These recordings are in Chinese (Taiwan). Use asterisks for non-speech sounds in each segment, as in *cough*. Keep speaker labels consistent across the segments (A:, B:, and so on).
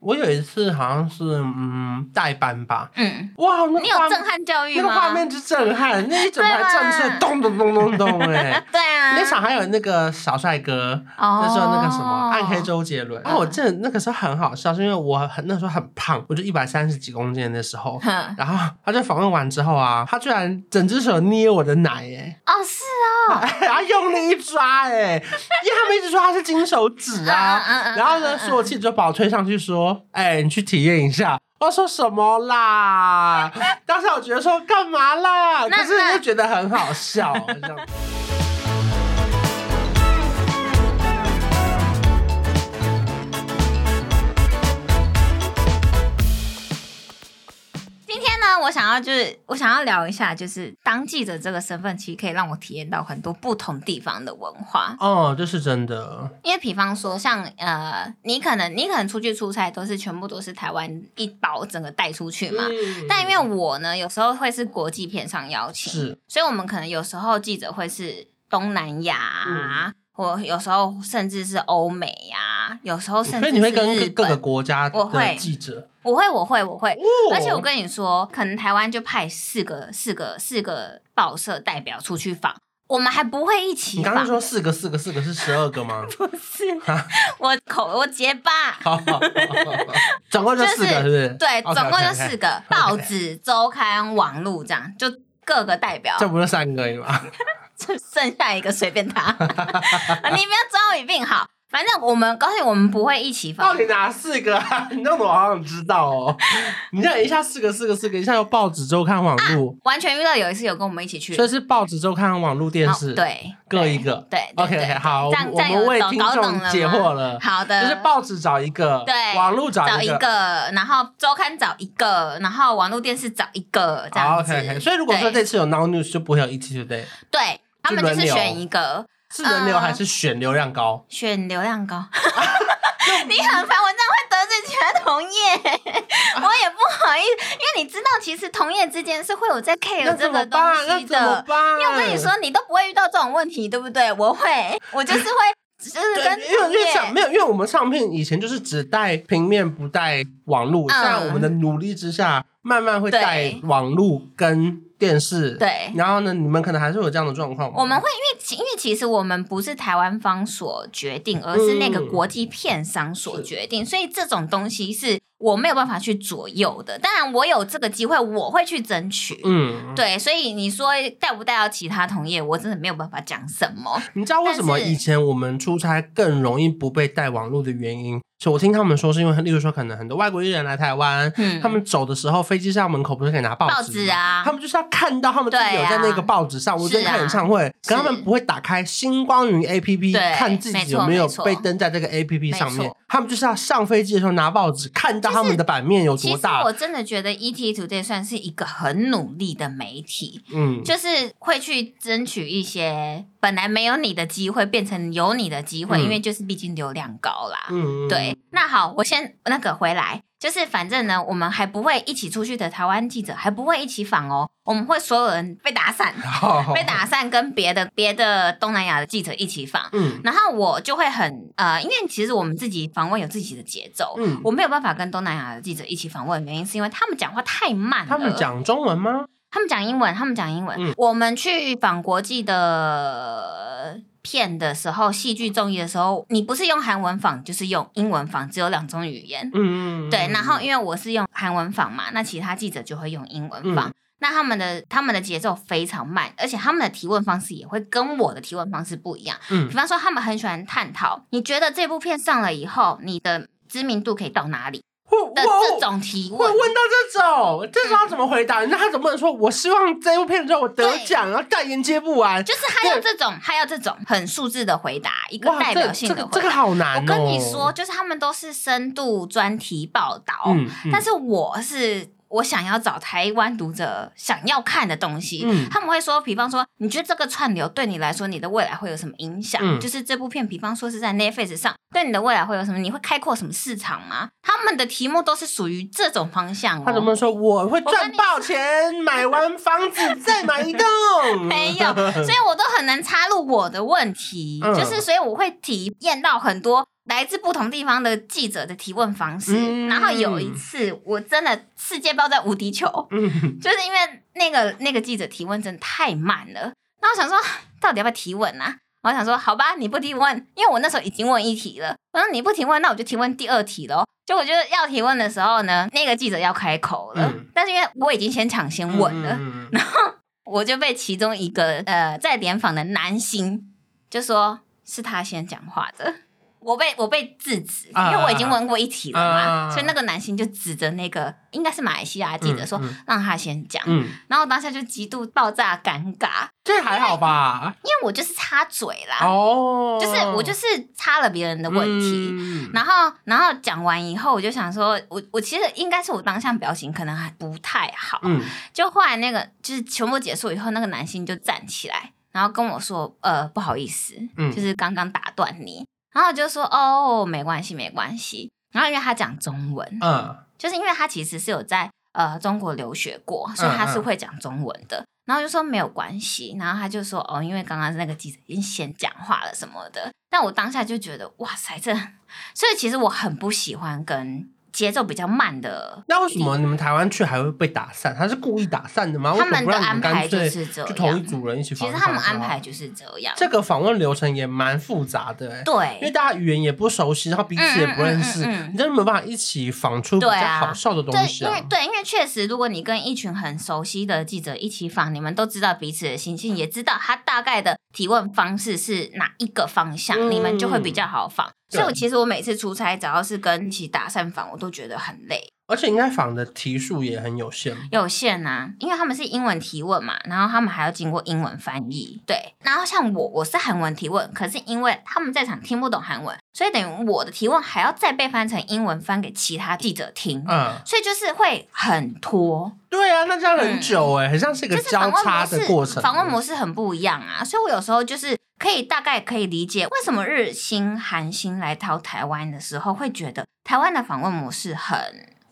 A: 我有一次好像是嗯代班吧，嗯，
B: 哇，你有震撼教育，那個畫面之震撼， *laughs* 那一整排站出來
A: 咚咚咚咚咚哎， *laughs* 對啊，那場還有那個小帥哥， *laughs* 那時候那個什麼暗黑、oh, 周杰倫，哦、嗯啊，我記得那個時候很好笑，是因為我很那時候很胖，我就一百三十幾公斤的時候，然後他就訪問完之後啊，他居然整隻手捏我的奶哎、欸，哦、oh, 是哦，然、哎、後、哎、用力一抓哎、欸， *laughs* 因為他們一直說他是金手指啊， *laughs* 啊嗯嗯嗯、然後呢，我氣質就把我推上去說。哎、欸，你去體驗一下，我說什麼啦？ *laughs* 當時我覺得說幹嘛啦？那個、可是又覺得很好笑， *laughs* 這樣。
B: 那我想要就是我想要聊一下，就是當記者這個身份，其實可以讓我體驗到很多不同地方的文化
A: 哦，這、就是真的。
B: 因為比方說，像呃，你可能你可能出去出差都是全部都是台灣一包整個帶出去嘛、嗯。但因為我呢，有時候會是國際片上邀請，是，所以我們可能有時候記者會是東南亞、啊嗯，或有時候甚至是歐美呀、啊，有時候甚至所以你會跟各各
A: 個國家的記者。
B: 我會，我會，我會。而且我跟你說，可能台灣就派四個、四個、四個報社代表出去訪，我們還不會一起訪。你剛剛說
A: 四個、四個、四個是十二個嗎？ *laughs* 不是，
B: 我口我結巴。好，好好好，
A: 總共就四個，是不是？就是、對，okay, okay, okay. 總共就四個，報紙、
B: 周刊、網絡這樣，就各個代表。這
A: 不是三個是吧？
B: *laughs* 剩下一個隨便他， *laughs* 你不要抓語病好。反正我們剛才我們不會一起
A: 放。到底哪四個、啊？你怎麼好像知道哦、喔？ *laughs* 你這樣一下四個，四個，四個，一下又報紙、周刊、網絡、啊，
B: 完全預料。有一次有跟我們一起去，所以是
A: 報紙、周刊、網絡、電視、哦，對，各一個。對,對,對, okay, 對，OK，好，我們為聽眾解惑了。好的，就是報紙找一個，對，網絡找,找一個，
B: 然後周刊找一個，然後網絡電視找一個，這樣、啊、k、okay, okay, 所以如果說這
A: 次有 NOWnews，就不會有 ETtoday
B: 對,對他們就是選一個。是人流還
A: 是選流量高？嗯、
B: 選流量高， *laughs* *laughs* 你很煩，我這樣會得罪其他同業， *laughs* 我也不好意思。啊、因為你知道，其實同業之間是會有在 care 這個東西的。那怎麼辦？那怎麼辦？因為我跟你說，你都不會遇到這種問題，對不對？我會，我就是會。 *laughs* 就是、對，因為因為像，
A: 沒有，因為我們唱片，以前就是只帶平面不帶網絡，在、嗯、我們的努力之下，慢慢會帶網絡跟電視。對，然後呢，你們可能還是會有這樣的狀況。我
B: 們會因為因為其實我們不是台灣方所決定，而是那個國際片商所決定，嗯，所以這種東西是、我沒有辦法去左右的，當然我有這個機會，我會去爭取。嗯，對，所以你說帶不帶到其他同業，我真的沒有辦法講什麼。
A: 你知道為什麼以前我們出差更容易不被帶網絡的原因？所以，我聽他們說是因為，例如說，可能很多外國藝人來台灣、嗯，他們走的時候，飛機上門口不是可以拿報紙報紙啊，他們就是要看到他們自己有在那個報紙上。啊、我在看演唱會、啊，可他們不會打開《星光雲》APP 看自己有沒有被登在這個 APP 上面。他們就是要上飛機的時候拿報紙，看到他們的版面有多大。其實我
B: 真的覺得《ET Today》算是一個很努力的媒體，嗯，就是會去爭取一些。本來沒有你的機會，變成有你的機會，嗯，因為就是畢竟流量高啦。嗯，對，那好，我先那個回來，就是反正呢，我們還不會一起出去的，台灣記者還不會一起訪哦，喔，我們會所有人被打散，哦，被打散跟別的別的東南亞的記者一起訪。嗯。然後我就會很呃，因為其實我們自己訪問有自己的節奏，嗯，我沒有辦法跟東南亞的記者一起訪問，原因是因為他們講話太慢了。他們講中文嗎？他們講英文，他們講英文。嗯，我們去訪國際的片的時候，戲劇綜藝的時候，你不是用韓文訪，就是用英文訪，只有兩種語言。嗯，對，然後因為我是用韓文訪嘛，那其他記者就會用英文訪。嗯，那他們的他們的節奏非常慢，而且他們的提問方式也會跟我的提問方式不一樣。嗯。比方說，他們很喜歡探討，你覺得這部片上了以後，你的知名度可以到哪裡？
A: 哦，這種提問，會問到這種，這種要怎麼回答、嗯？那他總不能說？我希望這部片子之後我得獎啊，代言接不完。就是他要這種，他要這種很數字的
B: 回答，一個代表性的回答這。這個這個
A: 好難、哦、我跟你說，
B: 就是他們都是深度專題報道、嗯嗯，但是我是。我想要找台灣讀者想要看的東西、嗯，他們會說，比方說，你覺得這個串流對你來說，你的未來會有什麼影響、嗯？就是這部片，比方說是在 Netflix 上，對你的未來會有什麼？你會開闊什麼市場嗎？他們的題目都是屬於這種方向、
A: 喔。他怎麼說我會賺？我會賺到錢，買完房
B: 子再買一棟。 *laughs* 沒有，所以我都很難插入我的問題、嗯，就是所以我會體驗到很多。來自不同地方的記者的提問方式，嗯、然後有一次我真的世界包在無敵球，嗯、就是因為那個那個記者提問真的太慢了。然後我想說，到底要不要提問啊？我想說，好吧，你不提問，因為我那時候已經問一題了。然後你不提問，那我就提問第二題嘍。就我覺得要提問的時候呢，那個記者要開口了，但是因為我已經先搶先問了，嗯、然後我就被其中一個呃在聯訪的男星就說是他先講話的。我被我被制止，因為我已經問過一題了嘛，uh, uh, uh, 所以那個男性就指着那個應該是馬來西亞記者說，嗯嗯、讓他先講，嗯，然後當下就極度爆炸尷尬。
A: 這還好吧？
B: 因因為我就是插嘴啦，oh,
A: 就是我就是
B: 插了別人的問題，嗯、然後然後講完以後，我就想說，我我其實應該是我當下表情可能還不太好，嗯，就後來那個就是全部結束以後，那個男性就站起來，然後跟我說，呃，不好意思，嗯、就是剛剛打斷你。然後就說哦，沒關係，沒關係。然後因為他講中文，嗯，就是因為他其實是有在呃中國留學過，所以他是會講中文的。嗯嗯、然後就說沒有關係。然後他就說哦，因為剛剛那個記者已經先講話了什麼的。但我當下就覺得哇塞，這……所以其實我很不喜歡跟。節奏比較慢的，那
A: 為什麼你們台灣去還會被打散？他是故意打散的嗎？他們不讓你們，乾脆就同一組人一起訪。其實他們安排
B: 就是這樣。這
A: 個訪問流程也蠻複雜的。欸，對，因為大家語言也不熟悉，然後彼此也不認識，嗯嗯嗯嗯、你真的沒有辦法一起訪出比較好笑的東西啊。對啊，因為
B: 對，因為確實，如果你跟一群很熟悉的記者一起訪，你們都知道彼此的心情，嗯、也知道他。大概的提問方式是哪一個方向，嗯，你們就會比較好訪。所以我其實我每次出差，只要是跟一起打散訪，我都覺
A: 得很累。而且應該訪的題數也很有限，
B: 有限吶、啊，因為他們是英文提問嘛，然後他們還要經過英文翻譯，對。然後像我，我是韓文提問，可是因為他們在場聽不懂韓文，所以等於我的提問還要再被翻成英文，翻給其他記者
A: 聽，嗯，
B: 所以就是會
A: 很拖。對啊，那這樣很久誒、欸嗯、很像是一個交叉的過程。就是訪問模式、訪問
B: 模式很不一樣啊，所以我有時候就是可以大概可以理解為什麼日星韓星來到台灣的時候會覺得台灣的訪問模式很。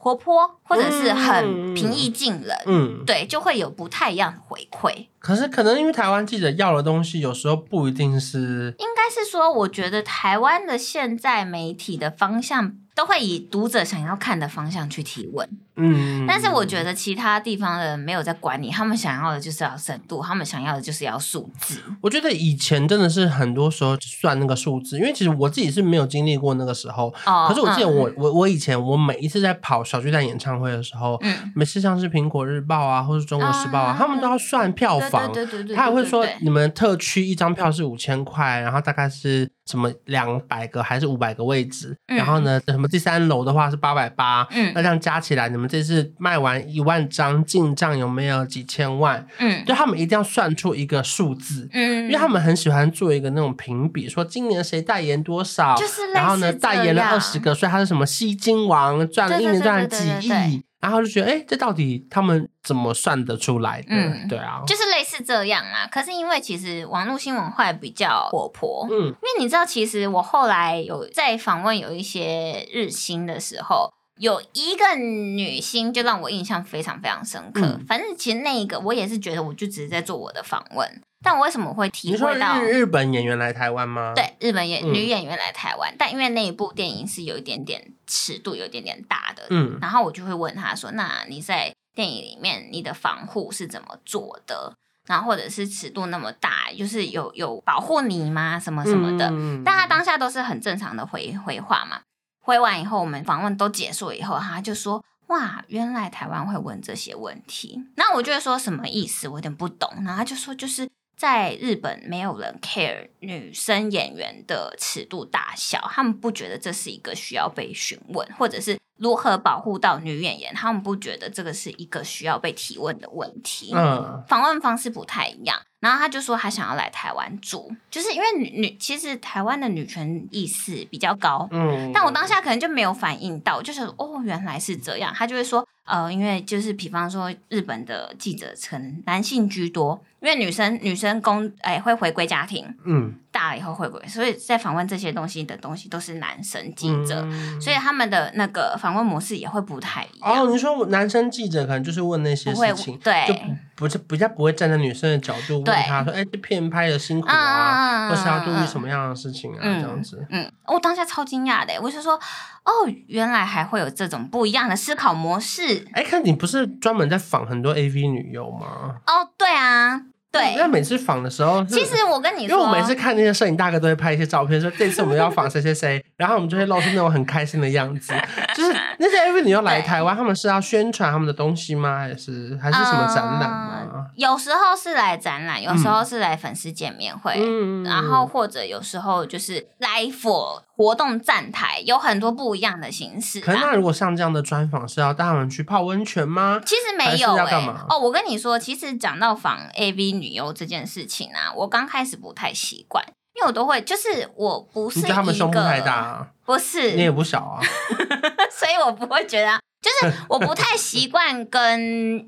B: 活潑或者是很平易近人，嗯，對，就會有不太一樣的回
A: 饋。可是可能因為台灣記者要的東西，有時候不一定是，應
B: 該是說，我覺得台灣的現在媒體的方向，都會以讀者想要看的方向去提問，嗯，
A: 但是我
B: 覺得其他地方的人沒有在管你，他們想要的就是要深度，他們想要的就是要數字。
A: 我覺得以前真的是很多時候算那個數字，因為其實我自己是沒有經歷過那個時候，嗯、可是我記得我、嗯、我我以前我每一次在跑小巨蛋演唱會的時候，嗯、每次像是蘋果日報啊，或是中國時報啊，嗯、他們都要算票房，對對對,對,對,對,對,對,對,對,對，他也會說你們特區一張票是五千塊，然後大概是什麼兩百個還是五百個位置，嗯、然後呢什麼。第三樓的話是八百八，嗯，那這樣加起來，你們這次賣完一萬張進賬有沒有幾千萬？嗯，就他們一定要算出一個數字，嗯，因為他們很喜歡做一個那種評比，說今年誰代言多少、就是，然後呢，代言了二十個，所以他是什麼吸金王，賺了一年賺了幾億。對對對對對對對。然後就覺得，哎、欸，這到底他們怎麼算得出來的，嗯？對啊，就
B: 是類似這樣啊。可是因為其實網絡新聞會比較活潑，嗯，因為你知道，其實我後來有在訪問有一些日新的時候。有一個女星就讓我印象非常非常深刻。嗯、反正其實那一個我也是覺得，
A: 我就只是在做我的
B: 訪問。但我為什麼會體會到？日
A: 本演員來台灣嗎？對，
B: 日本演、嗯、女演員來台灣。但因為那一部電影是有一點點尺度，有一點點大的。嗯。然後我就會問他說：“那你在電影裡面你的防護是怎麼做的？然後或者是尺度那麼大，就是有有保護你嗎？什麼什麼的？嗯、但他當下都是很正常的回回話嘛。”回完以後，我們訪問都結束以後，然後他就說：“哇，原來台灣會問這些問題。”那我就會說什麼意思？我有點不懂。然後他就說：“就是在日本沒有人 care 女生演員的尺度大小，他們不覺得這是一個需要被詢問，或者是如何保護到女演員，他們不覺得這個是一個需要被提問的問題。”嗯，訪問方式不太一樣。然後他就說他想要來台灣住，就是因為女女，其實台灣的女權意識比較高，嗯，但我當下可能就沒有反應到，就是哦，原來是這樣，他就會說。呃，因為就是比方說，日本的記者成男性居多，因為女生女生工哎、欸、會回歸家庭，嗯，大了以後回歸？所以在訪問這些東西的東西都是男生記者、嗯，所以他們的那個訪問模式也會不太一
A: 樣。哦，你說男生記者可能就是問那些事情，對，就不是比較不會站在女生的角度問他說，哎，這片拍的辛苦啊、嗯，或是要注意什麼樣的事情啊、嗯、這
B: 樣子。嗯、哦，我當下超驚訝的，我是說，說。哦，原來還會有這種不
A: 一樣的思考模式。哎，看你不是專門在訪很多 AV 女優嗎？哦，對啊，對。那每次訪的時候，其實我跟你說，因為我每次看那些攝影大哥都會拍一些照片，說這次我們要訪誰誰誰， *laughs* 然後我們就會露出那種很開心的樣子。就是那些 AV 女優來台灣，他們是要宣傳他們的東西嗎？還是還是什麼展覽嗎、嗯？
B: 有時候是來展覽，有時候是來粉絲見面會，嗯、然後或者有時候就是 live。活動站台有很多不一樣的形式、啊。可是，那如
A: 果像這樣的專訪是要帶他們去泡溫泉嗎？其實沒有、欸，要幹嘛？
B: 哦，我跟你說，其實講到訪 AV 女優這件事情啊，我剛開始不太習慣，因為我都會，就是我不是一個他們胸部太大、啊，
A: 不是你也不小啊，
B: *laughs* 所以我不會覺
A: 得、啊。就是我不太習
B: 慣跟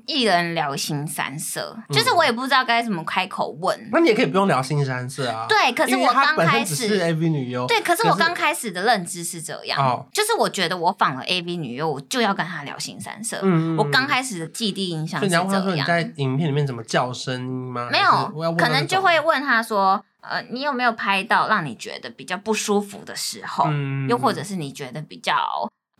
B: 藝人聊腥羶色， *laughs* 就是我也不知道該怎麼開口問、
A: 嗯。那你也可以不用聊腥羶色啊。對，可是我剛開始是 AV 女優。對，可是我剛
B: 開始的認知是這樣。哦。就是我覺得我訪了 AV 女優，我就要跟她聊腥羶色。嗯，嗯，嗯，我剛開始的既定印象是這樣。你要問他說
A: 你在影片裡面怎麼叫聲音嗎？沒有。可能就
B: 會問他說，呃，你有沒有拍到讓你覺得比較不舒服的時候？嗯，嗯。又或者是你覺得比較。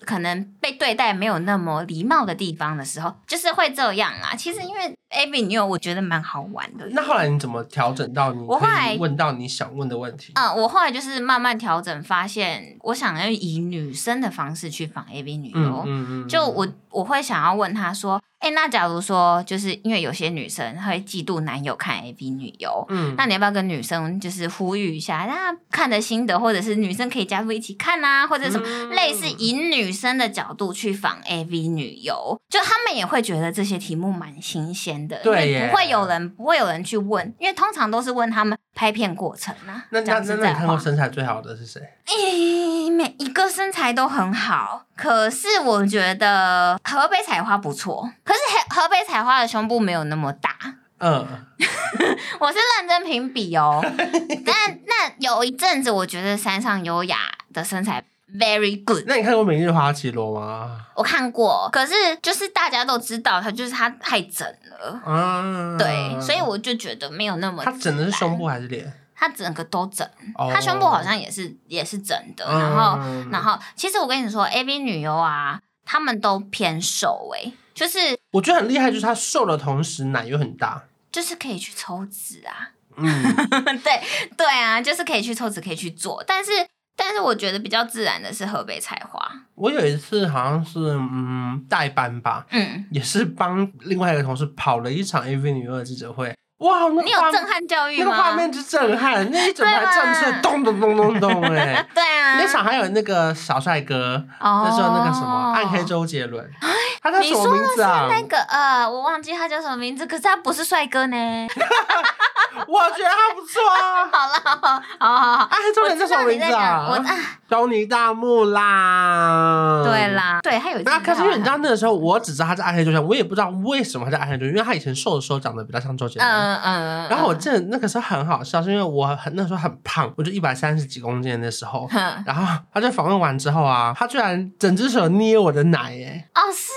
B: 可能被對待沒有那麼禮貌的地方的時候，就是會這樣啊。其實因為 AV 女優，我覺得蠻好玩的。那
A: 後來你怎麼調整到你？我後來問到你想問的問題。
B: 嗯，我後來就是慢慢調整，發現我想要以女生的方式去訪 AV 女優。嗯嗯嗯。就我我會想要問她說。哎、欸，那假如說，就是因為有些女生會嫉妒男友看 A V 女優，嗯，那你要不要跟女生就是呼籲一下，那看的心得，或者是女生可以加入一起看啊，或者什麼類似以女生的角度去訪 A V 女優、嗯，就她們也會覺得這些題目蠻新鮮的，對，不會有人，不會有人去問，因為通常都是問他們拍片過程啊。那那那，那那你看過
A: 身材最好的是
B: 誰？哎、欸，每一個身材都很好，可是我覺得河北彩花不錯。可是河北彩花的胸部沒有那麼大，嗯， *laughs* 我是認真評比哦。 *laughs* 但那有一陣子，我覺得三上悠亞的身材 very
A: good。嗯，那你看過《明日花綺羅》嗎？
B: 我看過，可是就是大家都知道，她就是她太整了，
A: 嗯，對，所以
B: 我就覺得沒有那麼。她整
A: 的是胸部還是臉？
B: 她整個都整，她，哦，胸部好像也是也是整的。嗯。然後，然後，其實我跟你說，AV 女優啊，他們都偏瘦誒、欸。就是
A: 我覺得很厲害，就是她瘦的同時奶又很大，
B: 就是可以去抽脂啊。嗯， *laughs* 對對啊，就是可以去抽脂，可以去做。但是但是，我覺得比較自然的是河北彩花。
A: 我有一次好像是嗯代班吧，嗯，也是幫另外一個同事跑了一場 AV 女優的記者會。哇、wow，你有震撼教育嗎？那個畫面是震撼， *laughs* 那一整排戰士咚咚咚咚咚，哎、欸， *laughs* 對啊，那場還有那個小帥哥、oh，那時候那個什麼暗黑周杰倫、
B: 欸，他叫什麼名字啊？你說的那個呃，我忘記他叫什麼名字，可是他不是帥哥呢？ *laughs* *laughs* 我覺得他不錯。 *laughs* 好了，好好好，好，暗黑周杰倫、那個，叫什麼
A: 名字啊？我，東尼大木啦。對啦，
B: 對，他有。那、啊、可是因為
A: 你知道那個時候，我只知道他是暗黑周杰倫，我也不知道為什麼他是暗黑周杰，傑倫，因為他以前瘦的時候長得比較像周杰倫。呃嗯嗯，然後我見那個時候很好笑，是因為我很那個、時候很胖，我就一百三十幾公斤的時候，然後他就訪問完之後啊，他居然整隻手捏我的奶，耶，
B: 哦是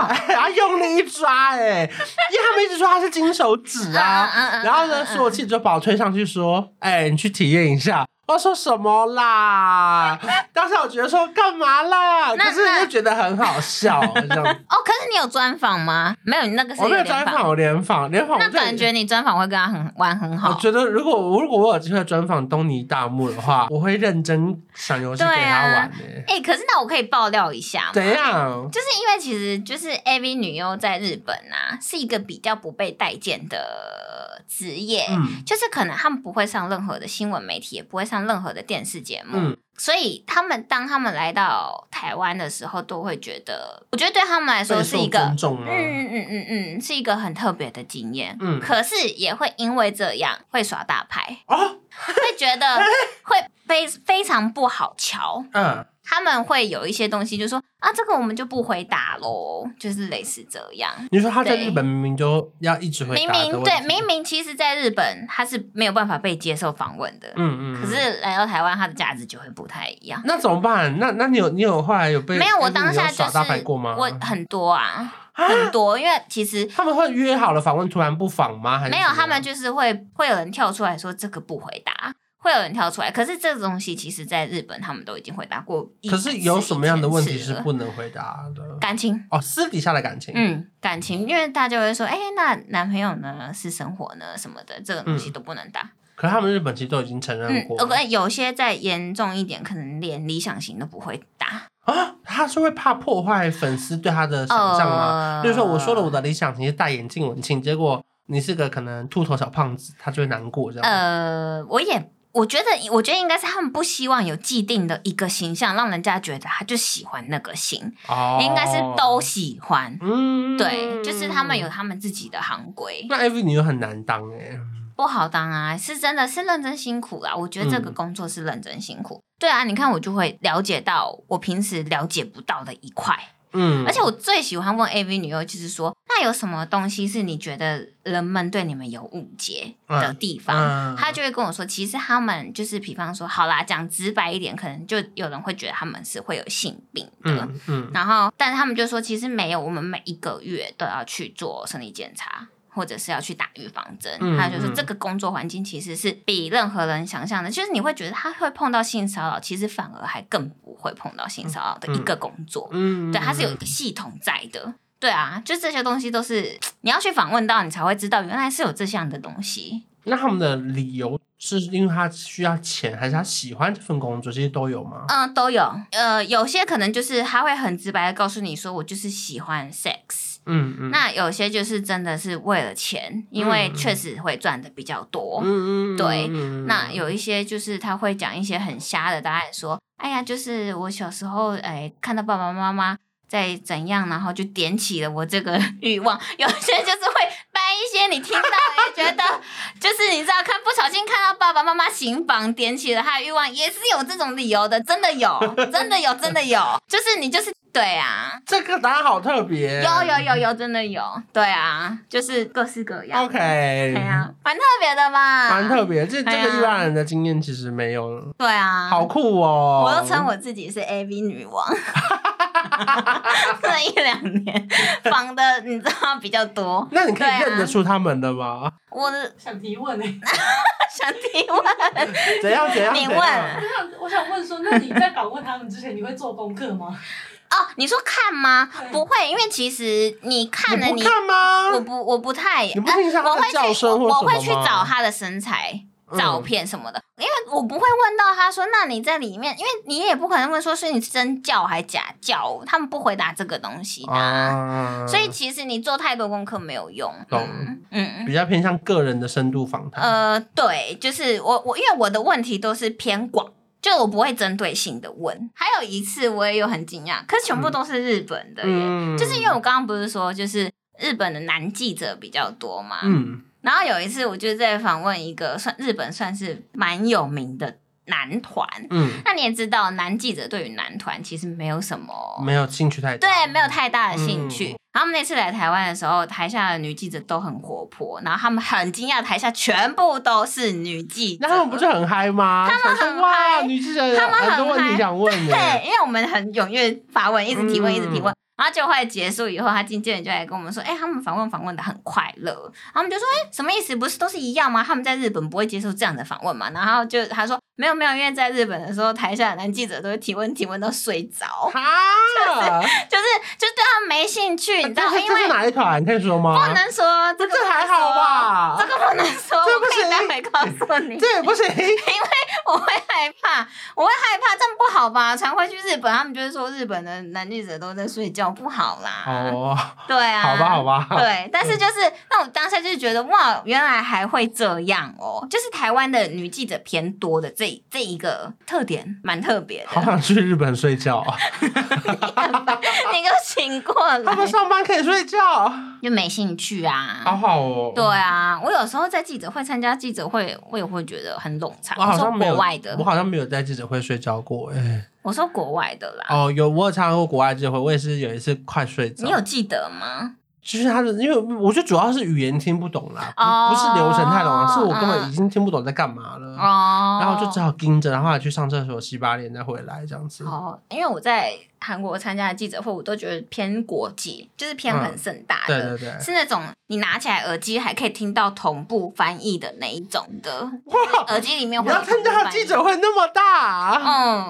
B: 哦， *laughs* 他用力一抓，哎，因為他們一直說他
A: 是金手指啊，嗯嗯嗯、然後呢，索性，就把我推上去說，哎，你去體驗一下。我說什麼啦？ *laughs* 當時我覺得說，幹嘛啦？那個，可是又覺得很好笑 *laughs* ，
B: 哦，可是你有專訪嗎？沒有，你那個，是個我沒有專訪，我
A: 聯訪聯訪。那可能覺
B: 得你專訪會跟他很玩很好。我
A: 覺得如果如果我有機會專訪東尼大木的話，我會認真想遊戲給他
B: 玩哎，欸欸，可是那我可以爆料一下嗎？怎樣？就是因為其實就是 AV 女優在日本啊，是一個比較不被待見的職業，嗯，就是可能他們不會上任何的新聞媒體，也不會上。任何的電視節目。嗯，所以他們當他們來到台灣的時候，都會覺得，我覺得對他們來說是一個，嗯嗯嗯嗯，是一個很特別的經驗。嗯，可是也會因為這樣會耍大牌，哦，會覺得會非非常不好瞧。嗯。他們會有一些東西，就說啊，這個我們就不回答嘍，就是類似這樣。你說他在日本
A: 明明就要一直回答，明明，對，明
B: 明其實在日本他是沒有辦法被接受訪問的，嗯嗯嗯。可是來到台灣，他的價值就會不太一樣。那
A: 怎麼辦？那那你有你有後來有被沒有，有？我當下就是耍大牌過嗎？我
B: 很多啊，
A: 很多。因為其實他們會約好了訪問，突然不訪嗎？還是沒有？沒有，
B: 他們就是會會有人跳出來說這個不回答。會有人跳出來，可是這個東西其實，在日本他們都已經回
A: 答過一。可是有什麼樣的問題是不能回答的？感情哦，私底下的感情。嗯，
B: 感情，因為大家會說，哎，那男朋友呢？私生活呢？什麼的，這個東西都不能答。嗯。
A: 可是他們日本其實都已經承認過。
B: 嗯。呃，有些再嚴重一點，可能連理想型都不會答。
A: 啊，他是會怕破壞粉絲對他的想象嗎？呃、就是說，我說了我的理想型是戴眼鏡文青，結果你是個可能禿頭小胖子，他就會難過這樣。呃，
B: 我也。我覺得，我覺得應該是他們不希望有既定的一個形象，讓人家覺得他就喜歡那個型，oh. 應該是都喜歡。嗯、mm.，對，就是他們有他們自己的行規。那
A: AV 女優很難當誒，
B: 不好當啊，是真的是認真辛苦啦、啊。我覺得這個工作是認真辛苦、嗯。對啊，你看我就會了解到我平時了解不到的一塊。嗯，而且我最喜歡問 AV 女優，就是說。有什麼東西是你覺得人們對你們有誤解的地方？他就會跟我說，其實他們就是，比方說，好啦，講直白一點，可能就有人會覺得他們是會有性病的。嗯，然後，但是他們就說，其實沒有，我們每一個月都要去做生理檢查，或者是要去打預防針。還有就是，這個工作環境其實是比任何人想象的，就是你會覺得他會碰到性騷擾，其實反而還更不會碰到性騷擾的一個工作。嗯，對，它是有一個系統在的。對啊，就這些東西都是你要去訪問到，你才會知道原來是有這項的東西。
A: 那他們的理由是因為他需要錢，還是他喜歡這份工作？這些都有嗎？
B: 嗯，都有。呃，有些可能就是他會很直白地告訴你說，我就是喜歡 sex 嗯。嗯嗯。那有些就是真的是為了錢，因為確實會賺得比較多。嗯嗯。對。嗯嗯。那有一些就是他會講一些很瞎的答案，說，哎呀，就是我小時候哎看到爸爸媽媽。再怎樣，然後就點起了我這個慾望。有些人就是會掰一些，你聽到會覺得， *laughs* 就是你知道看不小心看到爸爸媽媽行房，點起了他的慾望，也是有這種理由的，真的有，真的有，真的有，真的有就是你就是。對呀、
A: 啊，這個答案好特別。有有
B: 有有，真的有。對啊，就是各式各樣。
A: OK，對、okay 啊、哎、呀，
B: 蠻特別的嘛。蠻特
A: 別，這這個一般人的經驗其實沒有。對啊，好酷哦！我又稱我
B: 自己是 AV 女王， *laughs* *laughs* *laughs* 這一兩年訪的，你知道嗎，比較多。那你可以認得、啊、認得出
A: 他們的嗎？
B: 我想提問誒， *laughs* 想提問， *laughs* 提問 *laughs* 怎樣怎樣，你問，我想我想問說，那你在訪問他們之前， *laughs* 你會做功課嗎？哦，你說看嗎、嗯？不會，因為其實你看了你，你看嗎？我不，我不太。你不教
A: 授呃、我會去，我？我會去找他的
B: 身材、嗯、照片什麼的，因為我不會問到他說：“那你在裡面？”因為你也不可能問說是你真叫還是假叫，他們不回答這個東西的、啊啊。所以其實你做太多功課沒有用。懂、嗯，嗯
A: 嗯，比較偏向個人的深度訪談。
B: 呃，對，就是我我因為我的問題都是偏廣。就我不會針對性的問，還有一次我也有很驚訝，可是全部都是日本的耶，嗯嗯、就是因為我剛剛不是說就是日本的男記者比較多嘛、嗯，然後有一次我就在訪問一個算日本算是蠻有名的。男團，嗯，那你也知道，男記者對於男團其實沒有什麼，
A: 沒有興趣太大，對，
B: 沒有太大的興趣。然後、嗯、那次來台灣的時候，台下的女記者都很活潑，然後他們很驚訝，台下全部都是女記
A: 者，那他們不是很嗨嗎？他們很嗨，女記者，他們很
B: 嗨。很多問題想問 high, 對，因為我們很踴躍發問，一直提問，一直提問，然後就會結束以後，他經紀人就來跟我們說，哎、欸，他們訪問訪問的很快樂。然後我們就說，哎、欸，什麼意思？不是都是一樣嗎？他們在日本不會接受這樣的訪問嘛？然後就他說。沒有沒有，因為在日本的時候，台下的男記者都會提問，提問到睡着，啊，就是就是就對他們沒興趣，你知道？因為哪一
A: 你可以說嗎？不能
B: 說，這個、不能說。這個還好吧？這個不能說。啊、這不行，我待會告訴你。這也不行。因為我會害怕，我會害怕，這樣不好吧？傳回去日本，他們就是說日本的男記者都在睡覺，不好啦。
A: 哦。對啊。好吧，好吧。對，
B: 但是就是那、嗯、我當下就是覺得哇，原來還會這樣哦，就是台灣的女記者偏多的這。這一個特點蠻特別的，好
A: 想去日本睡覺啊！
B: 那 *laughs* 你個， *laughs* 個情況，他們上班可以睡覺，就沒興趣啊。好好哦，對啊，我有時候在記者會參加記者會，我也會覺得很冗長。我，好像我說國外的，我
A: 好像沒有在記者會睡覺過哎、欸。
B: 我說國外的啦，
A: 哦、oh，有，我有參加過國外記者會，我也是有一次快睡，你
B: 有記得嗎？
A: 其、就、實、是、他的，因為我覺得主要是語言聽不懂啦，oh, 不是流程太難、嗯，是我根本已經聽不懂在幹嘛了。哦、嗯，然後就只好盯着，然後還去上廁所、洗把臉再回來這樣子。哦、oh,，
B: 因為我在韓國參加的記者會，我都覺得偏國際，就是偏很盛大的、嗯，對對對，是那種你拿起來耳機還可以聽到同步翻譯的那一種的。哇、
A: wow,，耳機裡面會有、我要參加的記者會那麼大、啊？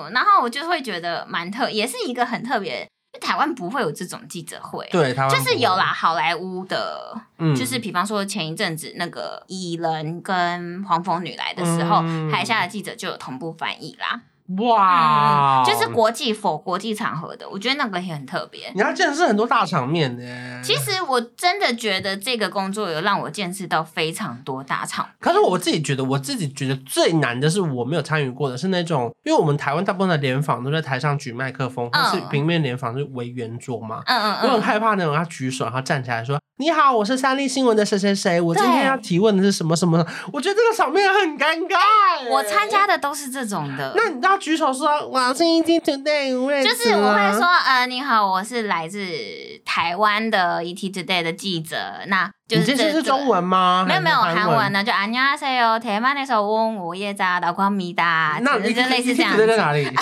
B: 嗯，然後我就會覺得蠻特，也是一個很特別。台灣不會有這種記者會，對，就是有啦。好萊塢的，嗯，就是比方說前一陣子那個蟻人跟黃蜂女來的時候，嗯，台下的記者就有同步翻譯啦。哇、wow, 嗯，就是國際否國際場合的，我覺得那個也很特別。你要
A: 見識很多大場面呢。
B: 其實我真的覺得這個工作有讓我見識到非常多大場面。
A: 可是我自己覺得，我自己覺得最難的是我沒有參與過的是那種，因為我們台灣大部分的聯訪都在台上舉麥克風，就、嗯、是平面聯訪，就是圍圓桌嘛。嗯嗯嗯。我很害怕那種他舉手，然後站起來說。你好，我是三立新聞的誰誰誰，我今天要提問的是什麼什麼的。我覺得這個場面很尷尬、欸欸。我參加的都是這種的， *laughs* 那你要舉手說，我是 ETtoday，、啊、就是我會說，
B: 呃，你好，我是來自台灣的 ETtoday 的記者，那。就是、對對，你這些是
A: 中文嗎？文沒有沒有韓文呢？
B: 就按伢說喲，台曼那時候，我也在打光咪噠。你就類似這
A: 樣
B: 子。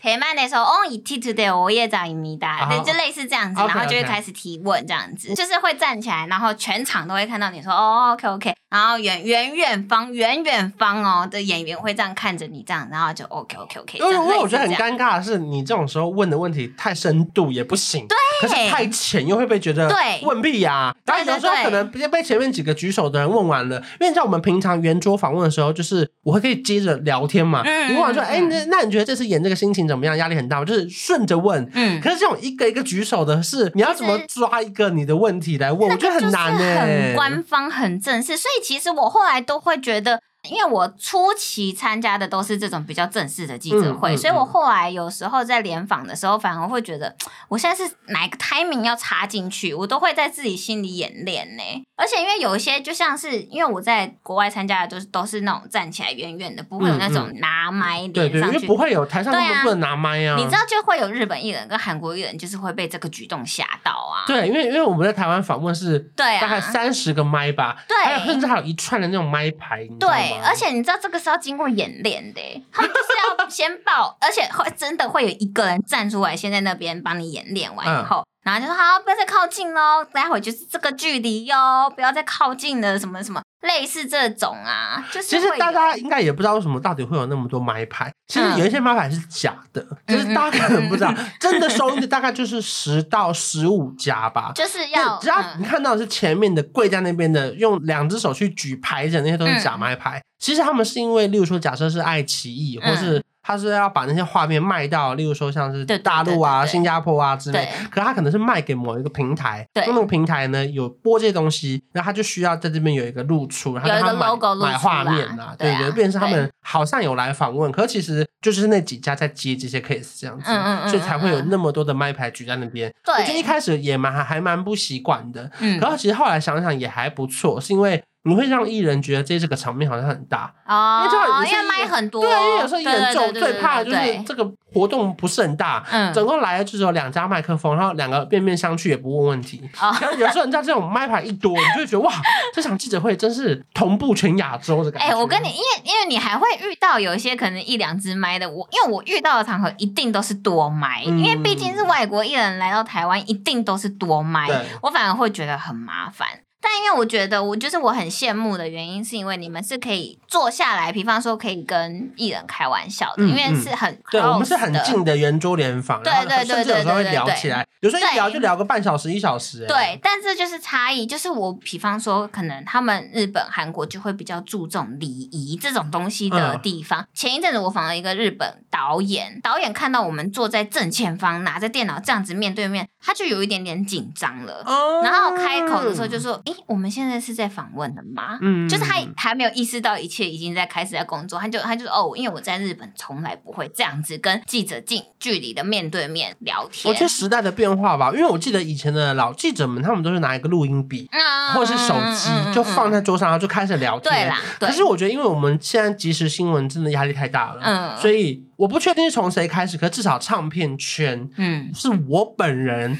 B: 台曼那時候，我我也在咪噠，就類似這樣子，然後就會開始提問這樣子，就是會站起來，然後全場都會看到你說，哦，OK OK，然後遠遠遠方遠遠方哦的演員會這樣看着你這樣，然後就 OK OK OK。但我覺得很尷
A: 尬的是，你這種時候問的問題太深度也不行。可是太淺又會被覺得問弊呀、啊，當然有時候可能直接被前面幾個舉手的人問完了，因為像我們平常圓桌訪問的時候，就是我會可以接着聊天嘛，嗯，嗯，嗯我。你問說，哎，那那你覺得這次演這個心情怎麼樣？壓力很大嗎？我就是順着問，嗯，可是這種一個一個舉手的是，你要怎麼抓一個你的問題來問？就是、我覺得很難誒、欸，那個、很官
B: 方、很正式，所以其實我後來都會覺得。因為我初期參加的都是這種比較正式的記者會，嗯、所以我後來有時候在聯訪的時候，反而會覺得我現在是哪一個 timing 要插進去，我都會在自己心裡演練呢、欸。而且因為有一些，就像是因為我在國外參加的，都是都是那種站起來遠遠的，不會有那種拿麥的、嗯嗯。對對，因為不會有台上都不能拿
A: 麥啊，啊。你知道
B: 就會有日本藝人跟韓國藝人，就是會被這個舉動嚇到啊。
A: 對，因為因為我們在台灣訪問是大概三十個麥吧，對、啊，還有甚至還有一串的那種麥牌，對。而
B: 且你知道這個是要經過演練的，他們是要先報， *laughs* 而且會真的會有一個人站出來，先在那邊幫你演練完以後。嗯然後就說好、啊，不要再靠近了、哦。待會就是這個距離喲、哦，不要再靠近的什麼什麼，類似這種啊。就
A: 是其實大家應該也不知道為什麼到底會有那麼多麥牌，其實有一些麥牌是假的、嗯，就是大家可能不知道，嗯、真的收的大概就是十到十五家吧。就是要只要你看到的是前面的跪在那邊的，用兩只手去舉牌的那些都是假麥牌、嗯。其實他們是因為，例如說假設是愛奇藝或是、嗯。他是要把那些畫面賣到，例如說像是大陸啊對對對對對、新加坡啊之類對對對對，可他可能是賣給某一個平台，那那個平台呢有播這些東西，那他就需要在這邊有一個露出，然後他，他買買畫面嘛、啊啊。對，變成他們好像有來訪問，可其實就是那幾家在接這些 case 這樣子，嗯嗯嗯，所以才會有那麼多的麥牌舉在那邊。對，就一開始也蠻還蠻不習慣的，然、嗯、後其實後來想想也還不錯，是因為。你會讓藝人覺得這這個場面好像很大哦，因
B: 為這樣因為麥很多，對，因為有時候藝人就最怕的就是
A: 這個活動不是很大，嗯，整個來了就是有兩家麥克風，然後兩個面面相覷也不問問題啊。然、嗯、後有時候人家這種麥牌一多、哦，你就會覺得 *laughs* 哇，這場記者會真是同步全亞洲的感覺。哎、欸，我
B: 跟你，因為因為你還會遇到有一些可能一兩只麥的，我因為我遇到的場合一定都是多麥、嗯，因為畢竟是外國藝人來到台灣，一定都是多麥，我反而會覺得很麻煩。但因為我覺得我就是我很羨慕的原因，是因為你們是可以坐下來，比方說可以跟藝人開玩笑的，因為是很的、嗯嗯、對，我們是很近
A: 的圓桌聯訪，對對對對對，甚至有時候會聊起來，有時候一聊就聊個半小時一小時、欸。對，
B: 但是就是差異，就是我比方說可能他們日本、韓國就會比較注重禮儀這種東西的地方。嗯、前一陣子我訪了一個日本導演，導演看到我們坐在正前方，拿着電腦這樣子面對面，他就有一點點緊張了、哦，然後開口的時候就說。欸我們現在是在訪問的嗎？嗯，就是他還，還沒有意識到一切已經在開始在工作，他就他就說哦，因為我在日本從來不會這樣子跟記者近距離的面對面聊天。我覺得時
A: 代的變化吧，因為我記得以前的老記者們，他們都是拿一個錄音筆嗯、或是手機，就放在桌上，然後就開始聊天。嗯嗯嗯、對啦對，可是我覺得，因為我們現在即時新聞真的壓力太大了，嗯，所以。我不確定是從誰開始，可至少唱片圈，嗯，是我本人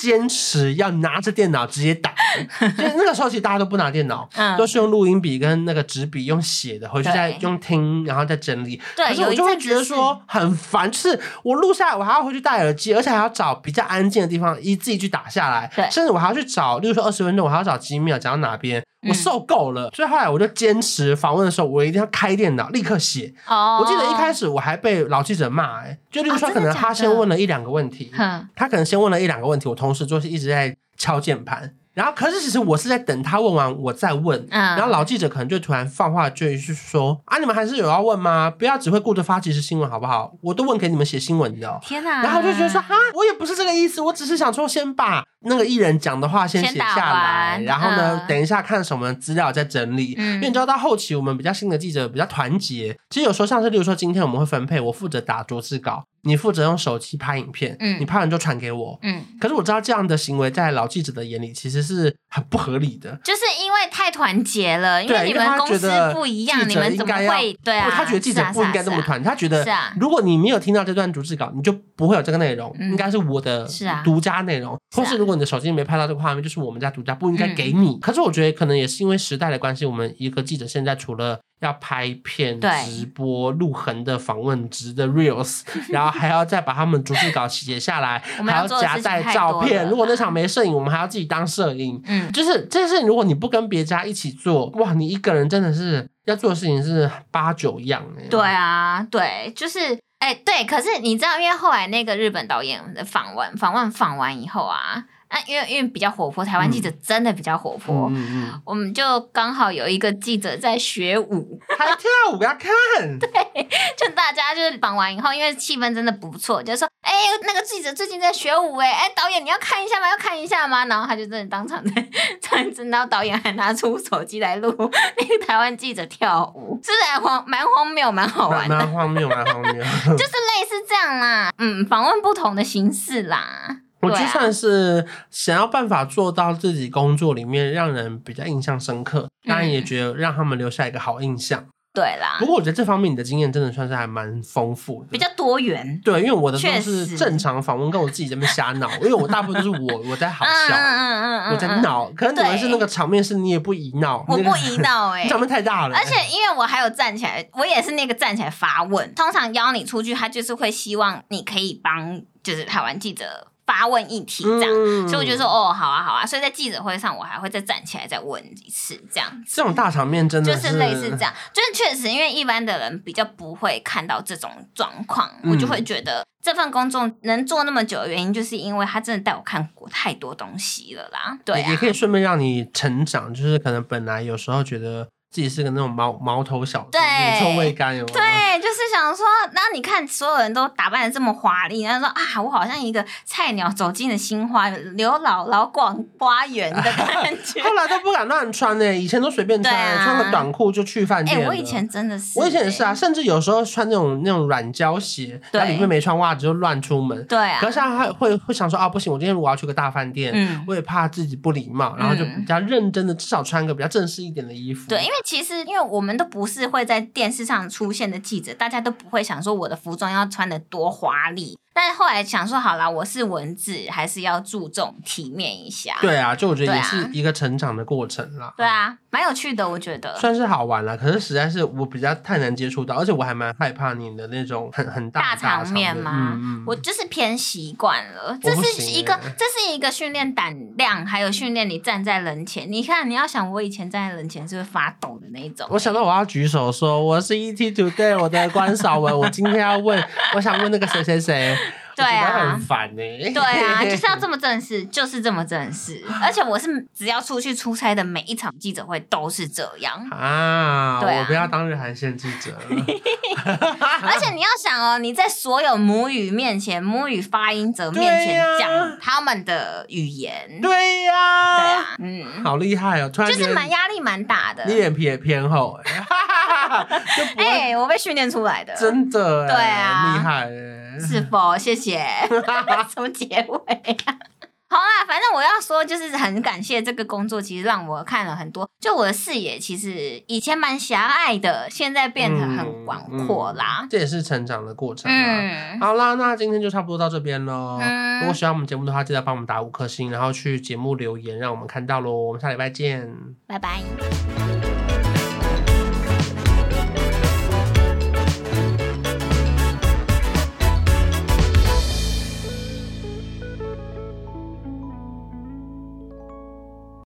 A: 堅持要拿着電腦直接打、嗯。就那個時候，其實大家都不拿電腦、嗯，都是用錄音筆跟那個紙筆用寫的，回去再用聽，然後再整理，對。可是我就會覺得說很煩，就是，是我錄下來，我還要回去戴耳機，而且還要找比較安靜的地方一字一句打下來。對，甚至我還要去找，例如說二十分鐘，我還要找幾秒講到哪邊。我受夠了、嗯，所以後來我就堅持訪問的時候，我一定要開電腦立刻寫、哦。我記得一開始我還被老記者罵，哎，就例如說可能他先問了一兩個問題、啊，真的假的，他可能先問了一兩個問題，我同時就是一直在敲鍵盤，然後可是其實我是在等他問完我再問，嗯、然後老記者可能就突然放話就說，就是說啊，你們還是有要問嗎？不要只會顧着發即時新聞好不好？我都問給你們寫新聞的。天哪！然後就覺得說哈，我也不是這個意思，我只是想說先把。那個藝人講的話先寫下來，然後呢、呃，等一下看什麼資料再整理、嗯。因為你知道到後期我們比較新的記者比較團結。其實有時候像是例如說今天我們會分配，我負責打逐字稿，你負責用手機拍影片，嗯、你拍完就傳給我、嗯，可是我知道這樣的行為在老記者的眼裡其實是很不合理的，
B: 就是因為太團結了，因為你們公司不一樣，你們怎麼會、記者應該要、你們怎麼會，對啊。他覺得記者不應該這麼團
A: 結、啊啊啊，他覺得如果你沒有聽到這段逐字稿、啊，你就不會有這個內容，嗯、應該是我的獨家內容，是啊、或是。如果你的手機沒拍到這個畫面，就是我們家獨家，不應該給你、嗯。可是我覺得可能也是因為時代的關係，我們一個記者現在除了要拍片、直播、錄橫的訪問、直的 reels， *laughs* 然後還要再把他們逐字稿寫下來， *laughs* 還要夾帶照片。如果那場沒攝影，我們還要自己當攝影。嗯，就是這些事情，如果你不跟別家一起做，哇，你一個人真的是要做的事情是八九樣。
B: 對啊，對，就是哎、欸，對。可是你知道，因為後來那個日本導演的訪問訪問訪完以後啊。啊，因為因為比較活潑，台灣記者真的比較活潑、嗯，我們就剛好有一個記者在學舞，他就跳舞給他 *laughs* 看。對，就大家就是訪完以後，因為氣氛真的不錯，就說誒、欸、那個記者最近在學舞誒、欸、誒、欸、導演你要看一下嗎？要看一下嗎？然後他就真的當場在， *laughs* 然後導演還拿出手機來錄那個台灣記者跳舞，蠻荒蠻荒謬蠻好玩的，蠻
A: 荒謬、蠻荒謬， *laughs*
B: 就是類似這樣啦、啊，嗯，訪問不同的形式啦。
A: 我就算是想要辦法做到自己工作裡面，讓人比較印象深刻，當然也覺得讓他們留下一個好印象。
B: 對啦，
A: 不過我覺得這方面你的經驗真的算是還蠻豐富的，
B: 比較多元。
A: 對，因為我的都是正常訪問，跟我自己這邊瞎鬧。因為我大部分都是我我在好笑，嗯嗯嗯嗯，
B: 我在鬧。
A: 可能你們是那個場面是你也不宜鬧，我不宜鬧。哎，場面太大了。而且
B: 因為我還有站起來，我也是那個站起來發問。通常邀你出去，他就是會希望你可以幫，就是台灣記者。發問議題這
A: 樣，嗯、所以我就說哦，
B: 好啊，好啊。所以在記者會上，我還會再站起來再問一次這樣。
A: 這種大場面真的是就是類似這樣，
B: 嗯、就是確實，因為一般的人比較不會看到這種狀況，嗯，我就會覺得這份工作能做那麼久的原因，就是因為他真的帶我看過太多東西了啦。對，啊，也
A: 可以順便讓你成長，就是可能本來有時候覺得自己是個那種毛毛頭小子，對。臭味乾有沒有，啊、對，
B: 就是。想說，那你看，所有人都打扮得這麼華麗，然後說啊，我好像一個菜鳥走進了新花園，劉姥姥逛花園的
A: 感覺。 *laughs* 後來都不敢亂穿呢，欸，以前都隨便穿，欸啊，穿個短褲就去飯店。哎，欸，我以前
B: 真的是，欸，我以前也
A: 是啊，甚至有時候穿那種那種軟膠鞋，然後裡面沒穿襪子就亂出門。對啊，可是現在還會會想說啊，哦，不行，我今天如果要去個大飯店，嗯，我也怕自己不禮貌，然後就比較認真的，至少穿個比較正式一點的衣服。
B: 對，因為其實因為我們都不是會在電視上出現的記者，大家都。都不會想說我的服裝要穿的多華麗。但是後來想說，好啦，我是文字，還是要注重體面一下。對啊，就我覺得也是
A: 一個成長的過程啦。
B: 對啊，嗯、蠻有趣的，我覺得
A: 算是好玩啦。可是實在是我比較太難接觸到，而且我還蠻害怕你的那種很很大，大，場大場面嘛、嗯。我
B: 就是偏習慣了，這是一個這是一個訓練膽量，還有訓練你站在人前。你看，你要想我以前站在人前是不是發抖的那一種？我
A: 想到我要舉手說，我是 ET Today 我的關韶文，我今天要問，我想問那個誰誰誰。對啊，我很煩哎、欸。對啊，就
B: 是要這麼正式， *laughs* 就是這麼正式。而且我是只要出去出差的每一場記者會都是這樣啊。
A: 對啊，我不要當日韓線記者了。
B: *laughs* *laughs* 而且你要想哦、喔，你在所有母語面前、母語發音者面前講他們的語言，對呀、啊，對呀、啊啊。嗯，
A: 好厲害哦、喔，突然就是蠻壓力蠻大的。你臉皮也偏厚
B: 哎、欸。哎、 *laughs* 欸，我被訓練出來的。
A: 真的、欸。對啊，厲害、欸。是
B: 否謝謝？ *laughs* 什麼結尾呀，啊？好啦，反正我要說，就是很感謝這個工作，其實讓我看了很多，就我的視野其實以前蠻狹隘的，現在變得很廣闊啦、嗯嗯。
A: 這也是成長的過程啦、嗯，好啦，那今天就差不多到這邊嘍、嗯。如果喜歡我們節目的話，記得幫我們打五顆星，然後去節目留言，讓我們看到嘍。我們下禮拜見，
B: 拜拜。